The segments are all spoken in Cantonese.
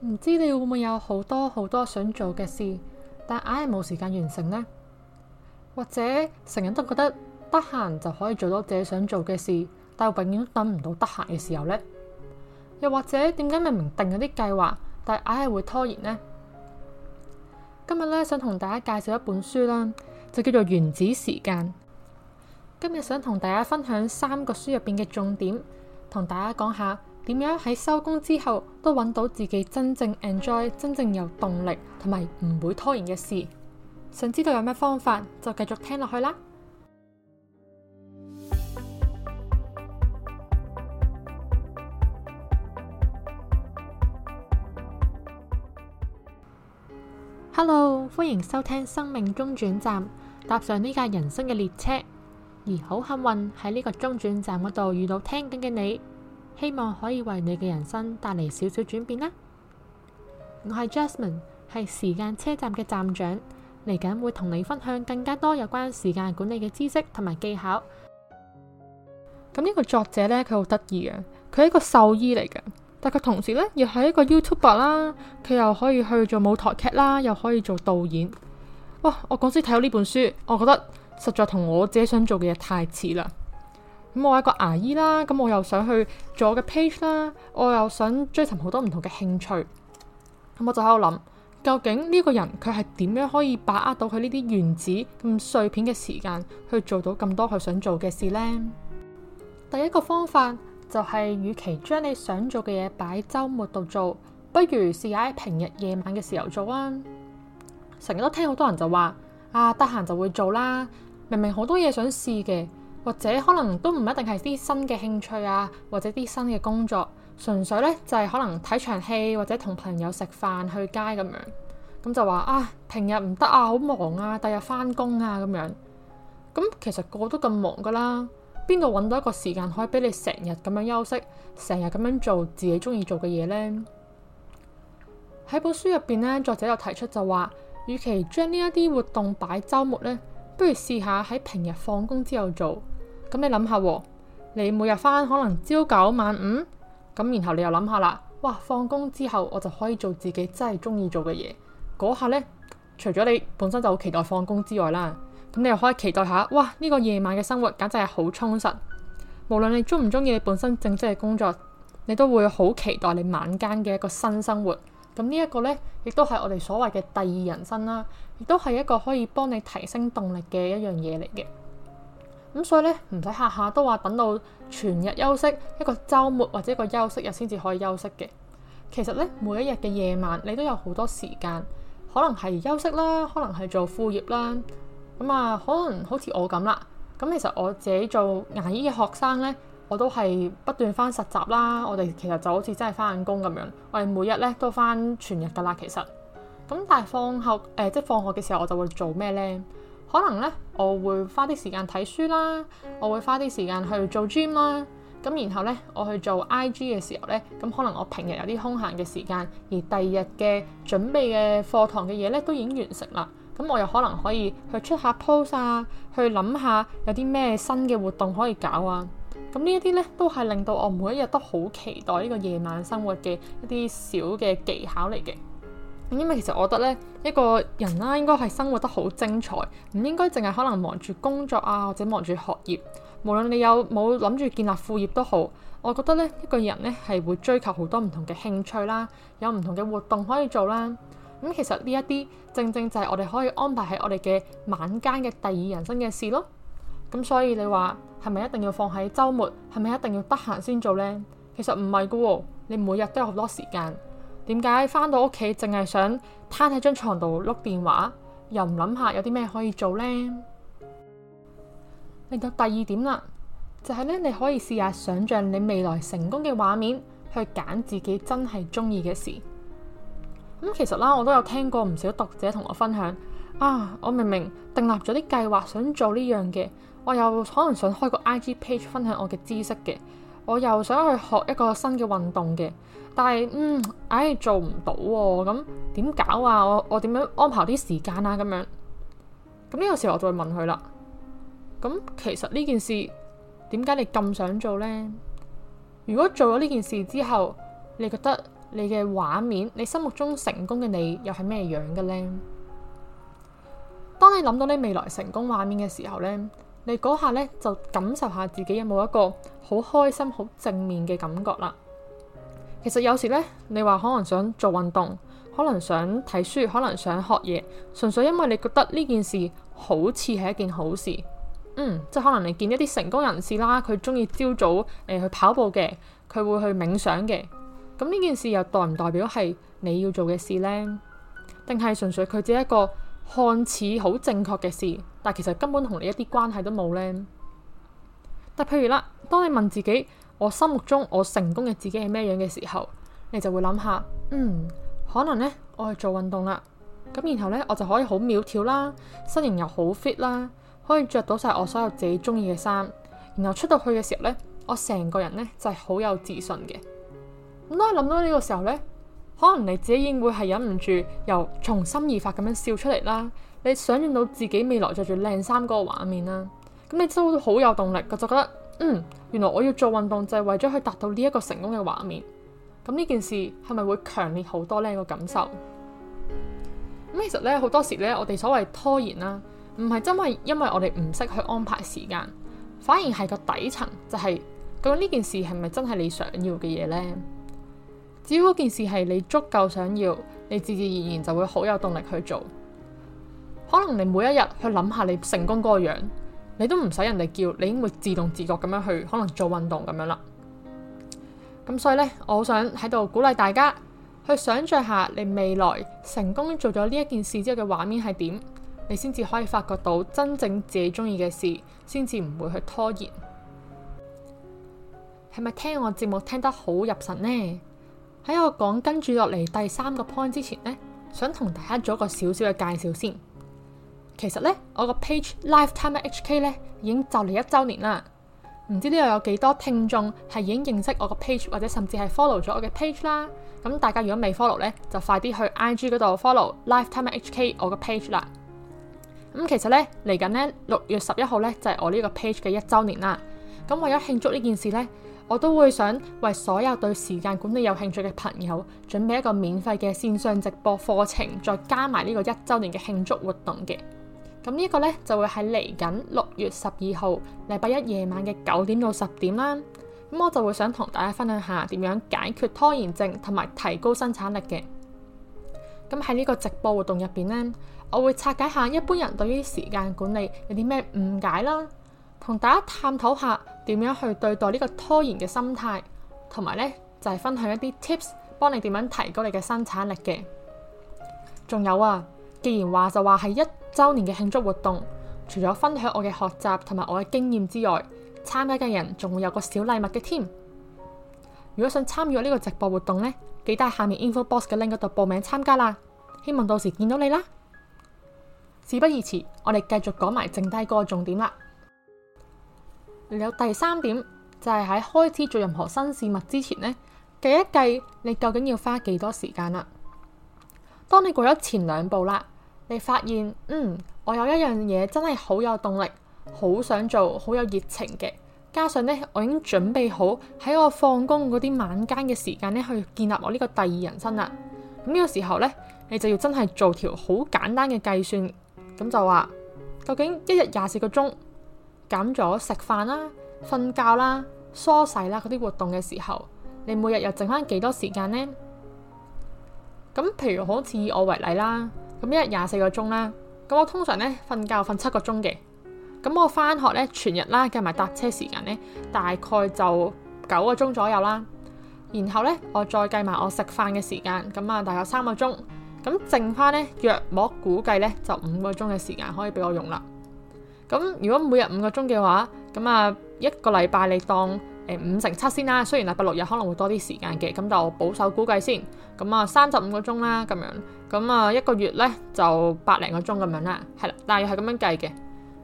唔知你會唔會有好多好多想做嘅事，但係硬係冇時間完成呢？或者成日都覺得得閒就可以做到自己想做嘅事，但係永遠都等唔到得閒嘅時候呢？又或者點解明明定咗啲計劃，但係硬係會拖延呢？今日呢，想同大家介紹一本書啦，就叫做《原子時間》。今日想同大家分享三個書入邊嘅重點，同大家講下。點樣喺收工之後都搵到自己真正 enjoy、真正有動力同埋唔會拖延嘅事？想知道有咩方法，就繼續聽落去啦！Hello，歡迎收聽生命中轉站，搭上呢架人生嘅列車，而好幸運喺呢個中轉站嗰度遇到聽緊嘅你。希望可以為你嘅人生帶嚟少少轉變啦！我係 Jasmine，係時間車站嘅站長，嚟緊會同你分享更加多有關時間管理嘅知識同埋技巧。咁呢個作者呢，佢好得意嘅，佢係一個獸醫嚟嘅，但佢同時呢，又係一個 YouTuber 啦，佢又可以去做舞台劇啦，又可以做導演。哇！我嗰時睇到呢本書，我覺得實在同我自己想做嘅嘢太似啦。咁我係個牙醫啦，咁我又想去做我嘅 page 啦，我又想追尋好多唔同嘅興趣，咁我就喺度諗，究竟呢個人佢係點樣可以把握到佢呢啲原子咁碎片嘅時間，去做到咁多佢想做嘅事呢？第一個方法就係，與其將你想做嘅嘢擺喺周末度做，不如試下喺平日夜晚嘅時候做啊！成日都聽好多人就話，啊得閒就會做啦，明明好多嘢想試嘅。或者可能都唔一定係啲新嘅興趣啊，或者啲新嘅工作，純粹呢就係可能睇場戲或者同朋友食飯去街咁樣，咁就話啊平日唔得啊，好忙啊，第日翻工啊咁樣，咁其實個個都咁忙噶啦，邊度揾到一個時間可以俾你成日咁樣休息，成日咁樣做自己中意做嘅嘢呢？喺本書入邊呢，作者就提出就話，與其將呢一啲活動擺周末呢，不如試下喺平日放工之後做。咁你諗下，你每日翻，可能朝九晚五，咁然後你又諗下啦，哇！放工之後我就可以做自己真係中意做嘅嘢，嗰下呢，除咗你本身就好期待放工之外啦，咁你又可以期待下，哇！呢個夜晚嘅生活簡直係好充實，無論你中唔中意你本身正職嘅工作，你都會好期待你晚間嘅一個新生活。咁呢一個呢，亦都係我哋所謂嘅第二人生啦，亦都係一個可以幫你提升動力嘅一樣嘢嚟嘅。咁所以咧，唔使下下都話等到全日休息一個週末或者一個休息日先至可以休息嘅。其實咧，每一日嘅夜晚你都有好多時間，可能係休息啦，可能係做副業啦。咁啊，可能好似我咁啦。咁其實我自己做牙醫嘅學生咧，我都係不斷返實習啦。我哋其實就好似真係返緊工咁樣，我哋每日咧都返全日㗎喇。其實，咁但係放學誒，即係放學嘅時候，我就會做咩咧？可能咧，我會花啲時間睇書啦，我會花啲時間去做 gym 啦。咁然後咧，我去做 IG 嘅時候咧，咁可能我平日有啲空閒嘅時間，而第二日嘅準備嘅課堂嘅嘢咧都已經完成啦。咁我又可能可以去出下 post 啊，去諗下有啲咩新嘅活動可以搞啊。咁呢一啲咧都係令到我每一日都好期待呢個夜晚生活嘅一啲小嘅技巧嚟嘅。因為其實我覺得咧，一個人啦，應該係生活得好精彩，唔應該淨係可能忙住工作啊，或者忙住學業。無論你有冇諗住建立副業都好，我覺得咧，一個人咧係會追求好多唔同嘅興趣啦，有唔同嘅活動可以做啦。咁、嗯、其實呢一啲正正就係我哋可以安排喺我哋嘅晚間嘅第二人生嘅事咯。咁、嗯、所以你話係咪一定要放喺週末？係咪一定要得閒先做呢？其實唔係㗎喎，你每日都有好多時間。點解返到屋企淨係想攤喺張床度碌電話，又唔諗下有啲咩可以做呢？嚟到第二點啦，就係、是、咧你可以試下想像你未來成功嘅畫面，去揀自己真係中意嘅事。咁、嗯、其實啦，我都有聽過唔少讀者同我分享啊，我明明訂立咗啲計劃想做呢樣嘅，我又可能想開個 IG page 分享我嘅知識嘅。我又想去學一個新嘅運動嘅，但係嗯，唉、哎、做唔到喎，咁點搞啊？我我點樣安排啲時間啊？咁樣，咁、這、呢個時候我再問佢啦。咁、嗯、其實呢件事，點解你咁想做呢？如果做咗呢件事之後，你覺得你嘅畫面，你心目中成功嘅你又係咩樣嘅呢？當你諗到你未來成功畫面嘅時候呢。你嗰下呢，就感受下自己有冇一個好開心、好正面嘅感覺啦。其實有時呢，你話可能想做運動，可能想睇書，可能想學嘢，純粹因為你覺得呢件事好似係一件好事。嗯，即係可能你見一啲成功人士啦，佢中意朝早去跑步嘅，佢會去冥想嘅。咁呢件事又代唔代表係你要做嘅事呢？定係純粹佢只係一個？看似好正確嘅事，但其實根本同你一啲關係都冇呢。但譬如啦，當你問自己我心目中我成功嘅自己係咩樣嘅時候，你就會諗下，嗯，可能呢，我去做運動啦，咁然後呢，我就可以好苗條啦，身形又好 fit 啦，可以着到晒我所有自己中意嘅衫，然後出到去嘅時候呢，我成個人呢就係好有自信嘅。咁當你諗到呢個時候呢。可能你自己應會係忍唔住，由從心而發咁樣笑出嚟啦。你想象到自己未來着住靚衫嗰個畫面啦，咁你都好有動力，就覺得嗯，原來我要做運動就係為咗去達到呢一個成功嘅畫面。咁呢件事係咪會強烈好多呢？個感受咁其實咧，好多時咧，我哋所謂拖延啦，唔係真係因為我哋唔識去安排時間，反而係個底層就係，究竟呢件事係咪真係你想要嘅嘢呢？只要件事係你足夠想要，你自自然然就會好有動力去做。可能你每一日去諗下你成功嗰個樣，你都唔使人哋叫，你已經會自動自覺咁樣去，可能做運動咁樣啦。咁所以呢，我好想喺度鼓勵大家去想象下你未來成功做咗呢一件事之後嘅畫面係點，你先至可以發覺到真正自己中意嘅事，先至唔會去拖延。係咪聽我節目聽得好入神呢？喺我講跟住落嚟第三個 point 之前呢，想同大家做一個小小嘅介紹先。其實呢，我個 page LifeTimer HK 呢已經就嚟一周年啦。唔知呢度有幾多聽眾係已經認識我個 page 或者甚至係 follow 咗我嘅 page 啦。咁大家如果未 follow 呢，就快啲去 IG 嗰度 follow LifeTimer HK 我個 page 啦。咁其實呢，嚟緊呢六月十一號呢，就係我呢個 page 嘅一周年啦。咁為咗慶祝呢件事呢。我都會想為所有對時間管理有興趣嘅朋友準備一個免費嘅綫上直播課程，再加埋呢個一周年嘅慶祝活動嘅。咁呢個呢，就會喺嚟緊六月十二號禮拜一夜晚嘅九點到十點啦。咁我就會想同大家分享下點樣解決拖延症同埋提高生產力嘅。咁喺呢個直播活動入邊呢，我會拆解下一般人對於時間管理有啲咩誤解啦，同大家探討下。點樣去對待呢個拖延嘅心態，同埋呢，就係分享一啲 tips，幫你點樣提高你嘅生產力嘅。仲有啊，既然話就話係一周年嘅慶祝活動，除咗分享我嘅學習同埋我嘅經驗之外，參加嘅人仲會有個小禮物嘅添。如果想參與呢個直播活動呢，記得喺下面 info box 嘅 link 度報名參加啦。希望到時見到你啦。事不宜遲，我哋繼續講埋剩低個重點啦。有第三點就係喺開始做任何新事物之前呢計一計你究竟要花幾多時間啦。當你過咗前兩步啦，你發現嗯，我有一樣嘢真係好有動力，好想做好有熱情嘅，加上呢，我已經準備好喺我放工嗰啲晚間嘅時間呢去建立我呢個第二人生啦。咁呢個時候呢，你就要真係做條好簡單嘅計算，咁就話究竟一日廿四個鐘。減咗食飯啦、瞓覺啦、梳洗啦嗰啲活動嘅時候，你每日又剩翻幾多時間呢？咁譬如好似以我為例啦，咁一日廿四個鐘啦，咁我通常咧瞓覺瞓七個鐘嘅，咁我翻學咧全日啦計埋搭車時間咧，大概就九個鐘左右啦。然後咧我再計埋我食飯嘅時間，咁啊大概三個鐘，咁剩翻咧約莫估計咧就五個鐘嘅時間可以俾我用啦。咁如果每日五個鐘嘅話，咁啊一個禮拜你當誒五成七五乘七先啦，雖然禮拜六日可能會多啲時間嘅，咁就保守估計先。咁啊三十五個鐘啦，咁樣，咁啊一個月呢，就百零個鐘咁樣啦，係啦，大約係咁樣計嘅。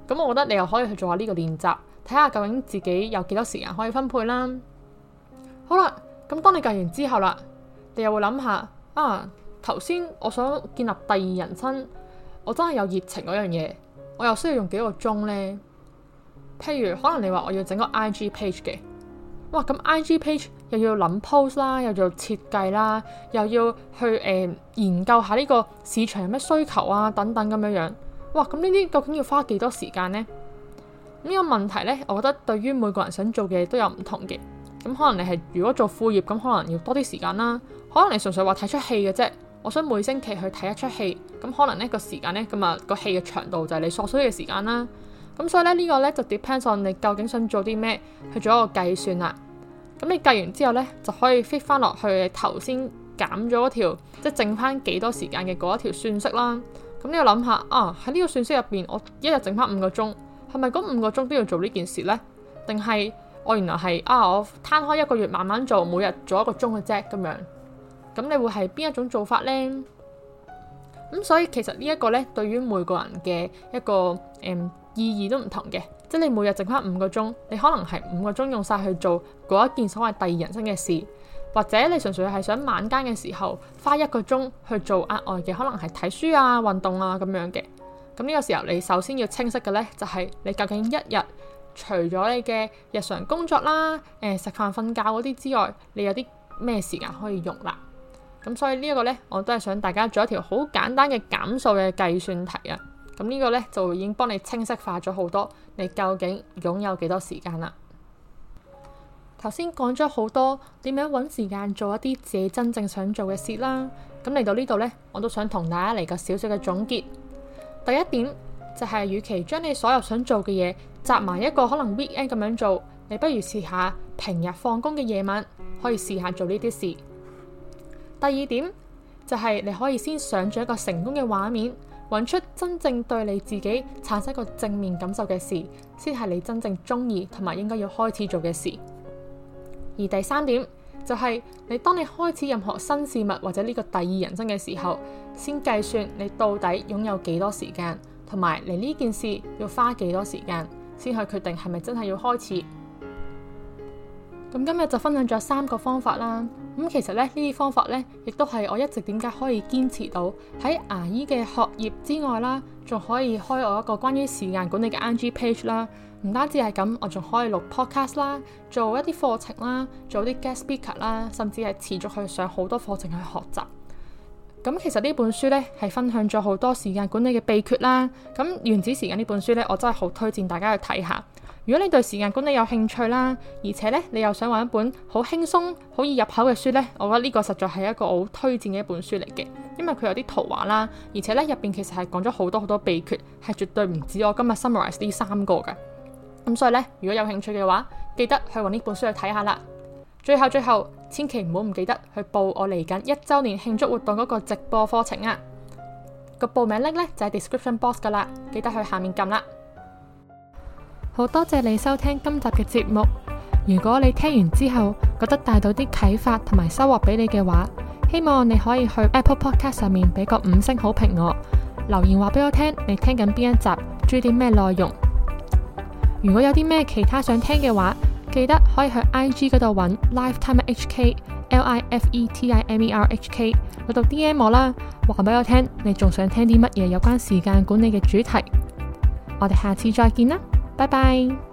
咁我覺得你又可以去做下呢個練習，睇下究竟自己有幾多時間可以分配啦。好啦，咁當你計完之後啦，你又會諗下，啊頭先我想建立第二人生，我真係有熱情嗰樣嘢。我又需要用幾個鐘呢？譬如可能你話我要整個 IG page 嘅，哇咁 IG page 又要諗 post 啦，又做設計啦，又要去誒、呃、研究下呢個市場有咩需求啊等等咁樣樣，哇咁呢啲究竟要花幾多時間呢？呢個問題呢，我覺得對於每個人想做嘅都有唔同嘅，咁可能你係如果做副業，咁可能要多啲時間啦，可能你純粹話睇出戲嘅啫。我想每星期去睇一出戲，咁可能呢個時間呢，咁啊個戲嘅長度就係你所需嘅時間啦。咁所以咧呢個呢就 depends on 你究竟想做啲咩去做一個計算啦。咁你計完之後呢，就可以 fit 翻落去頭先減咗嗰條，即係剩翻幾多時間嘅嗰一條算式啦。咁你要諗下啊，喺呢個算式入邊，我一日剩翻五個鐘，係咪嗰五個鐘都要做呢件事呢？定係我原來係啊我攤開一個月慢慢做，每日做一個鐘嘅啫咁樣。咁你會係邊一種做法呢？咁所以其實呢一個呢，對於每個人嘅一個誒、嗯、意義都唔同嘅。即係你每日剩翻五個鐘，你可能係五個鐘用晒去做嗰一件所謂第二人生嘅事，或者你純粹係想晚間嘅時候花一個鐘去做額外嘅，可能係睇書啊、運動啊咁樣嘅。咁呢個時候你首先要清晰嘅呢，就係、是、你究竟一日除咗你嘅日常工作啦、誒食飯、瞓覺嗰啲之外，你有啲咩時間可以用啦？咁所以呢一個咧，我都係想大家做一條好簡單嘅減數嘅計算題啊！咁呢個呢，就已經幫你清晰化咗好多，你究竟擁有幾多時間啦？頭先講咗好多點樣搵時間做一啲自己真正想做嘅事啦。咁嚟到呢度呢，我都想同大家嚟個小小嘅總結。第一點就係，與其將你所有想做嘅嘢集埋一個可能 weekend 咁樣做，你不如試下平日放工嘅夜晚，可以試下做呢啲事。第二點就係你可以先想象一個成功嘅畫面，揾出真正對你自己產生一個正面感受嘅事，先係你真正中意同埋應該要開始做嘅事。而第三點就係你當你開始任何新事物或者呢個第二人生嘅時候，先計算你到底擁有幾多時間，同埋你呢件事要花幾多時間，先去決定係咪真係要開始。咁今日就分享咗三個方法啦。咁其實咧，呢啲方法呢，亦都係我一直點解可以堅持到喺牙醫嘅學業之外啦，仲可以開我一個關於時間管理嘅 IG page 啦。唔單止係咁，我仲可以錄 podcast 啦，做一啲課程啦，做啲 guest speaker 啦，甚至係持續去上好多課程去學習。咁其實呢本書呢，係分享咗好多時間管理嘅秘訣啦。咁原子時間呢本書呢，我真係好推薦大家去睇下。如果你對時間管理有興趣啦，而且咧你又想揾一本好輕鬆、好易入口嘅書呢，我覺得呢個實在係一個好推薦嘅一本書嚟嘅，因為佢有啲圖畫啦，而且咧入邊其實係講咗好多好多秘訣，係絕對唔止我今日 summarize 呢三個嘅。咁所以呢，如果有興趣嘅話，記得去揾呢本書去睇下啦。最後最後，千祈唔好唔記得去報我嚟緊一週年慶祝活動嗰個直播課程啊！個報名 link 咧就係 description box 噶啦，記得去下面撳啦。好多謝你收聽今集嘅節目。如果你聽完之後覺得帶到啲啟發同埋收穫俾你嘅話，希望你可以去 Apple Podcast 上面俾個五星好評我，留言話俾我聽你聽緊邊一集，注意啲咩內容。如果有啲咩其他想聽嘅話，記得可以去 IG 度揾 LifeTimer HK，L I F E T I M E R H K，去讀 D M 啦，話俾我聽你仲想聽啲乜嘢有關時間管理嘅主題。我哋下次再見啦。拜拜。